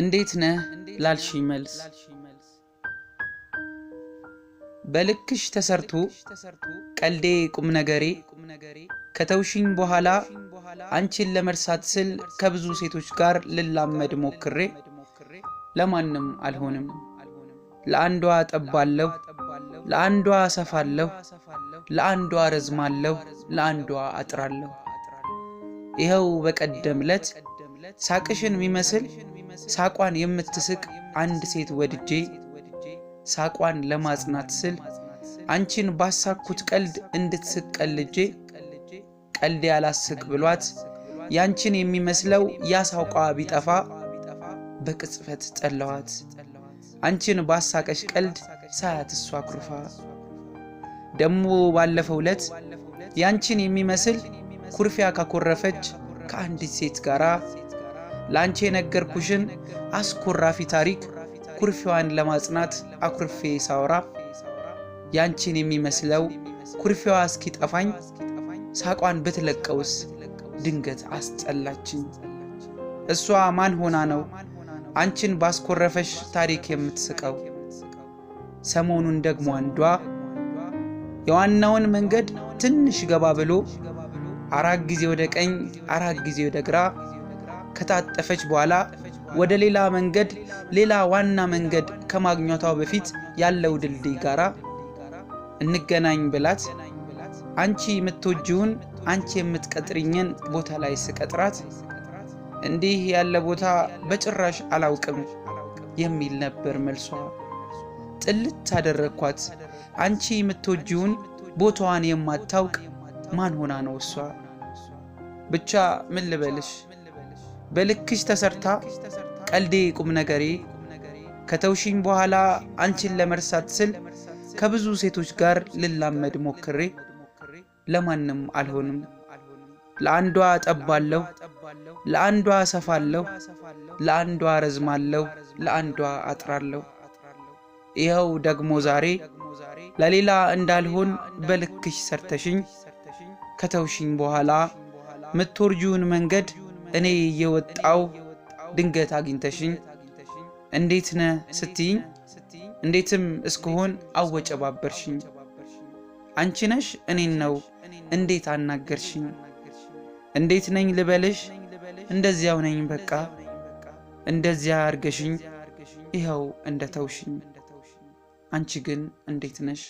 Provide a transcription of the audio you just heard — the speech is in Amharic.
እንዴት ነህ ላልሽ መልስ በልክሽ ተሰርቶ ቀልዴ ቁም ነገሬ ከተውሽኝ በኋላ አንቺን ለመርሳት ስል ከብዙ ሴቶች ጋር ልላመድ ሞክሬ ለማንም አልሆንም። ለአንዷ አጠባለሁ፣ ለአንዷ አሰፋለሁ፣ ለአንዷ ረዝማለሁ፣ ለአንዷ አጥራለሁ። ይኸው በቀደም ዕለት ሳቅሽን የሚመስል ሳቋን የምትስቅ አንድ ሴት ወድጄ ሳቋን ለማጽናት ስል አንቺን ባሳኩት ቀልድ እንድትስቅ ቀልጄ ቀልድ ያላስቅ ብሏት ያንቺን የሚመስለው ያሳቋ ቢጠፋ በቅጽበት ጠለዋት አንቺን ባሳቀሽ ቀልድ ሳያት እሷ ኩርፋ ደሞ ባለፈው ዕለት ያንቺን የሚመስል ኩርፊያ ካኮረፈች ከአንዲት ሴት ጋራ ለአንቺ የነገርኩሽን አስኮራፊ ታሪክ ኩርፊዋን ለማጽናት አኩርፌ ሳውራ ያንቺን የሚመስለው ኩርፊዋ እስኪጠፋኝ ሳቋን ብትለቀውስ ድንገት አስጠላችኝ። እሷ ማን ሆና ነው አንቺን ባስኮረፈሽ ታሪክ የምትስቀው? ሰሞኑን ደግሞ አንዷ የዋናውን መንገድ ትንሽ ገባ ብሎ አራት ጊዜ ወደ ቀኝ አራት ጊዜ ወደ ግራ ከታጠፈች በኋላ ወደ ሌላ መንገድ ሌላ ዋና መንገድ ከማግኘቷ በፊት ያለው ድልድይ ጋር እንገናኝ ብላት አንቺ የምትወጂውን አንቺ የምትቀጥርኝን ቦታ ላይ ስቀጥራት እንዲህ ያለ ቦታ በጭራሽ አላውቅም የሚል ነበር መልሷ። ጥልት አደረግኳት። አንቺ የምትወጂውን ቦታዋን የማታውቅ ማን ሆና ነው እሷ? ብቻ ምን ልበልሽ በልክሽ ተሰርታ ቀልዴ ቁም ነገሬ ከተውሽኝ በኋላ አንቺን ለመርሳት ስል ከብዙ ሴቶች ጋር ልላመድ ሞክሬ ለማንም አልሆንም። ለአንዷ ጠባለሁ፣ ለአንዷ ሰፋለሁ፣ ለአንዷ ረዝማለሁ፣ ለአንዷ አጥራለሁ። ይኸው ደግሞ ዛሬ ለሌላ እንዳልሆን በልክሽ ሰርተሽኝ ከተውሽኝ በኋላ ምትወርጂውን መንገድ እኔ እየወጣው ድንገት አግኝተሽኝ እንዴት ነ ስትይኝ እንዴትም እስክሆን አወጨባበርሽኝ። አንቺ ነሽ እኔን ነው እንዴት አናገርሽኝ? እንዴት ነኝ ልበልሽ? እንደዚያው ነኝ በቃ እንደዚያ አርገሽኝ ይኸው እንደተውሽኝ። አንቺ ግን እንዴት ነሽ?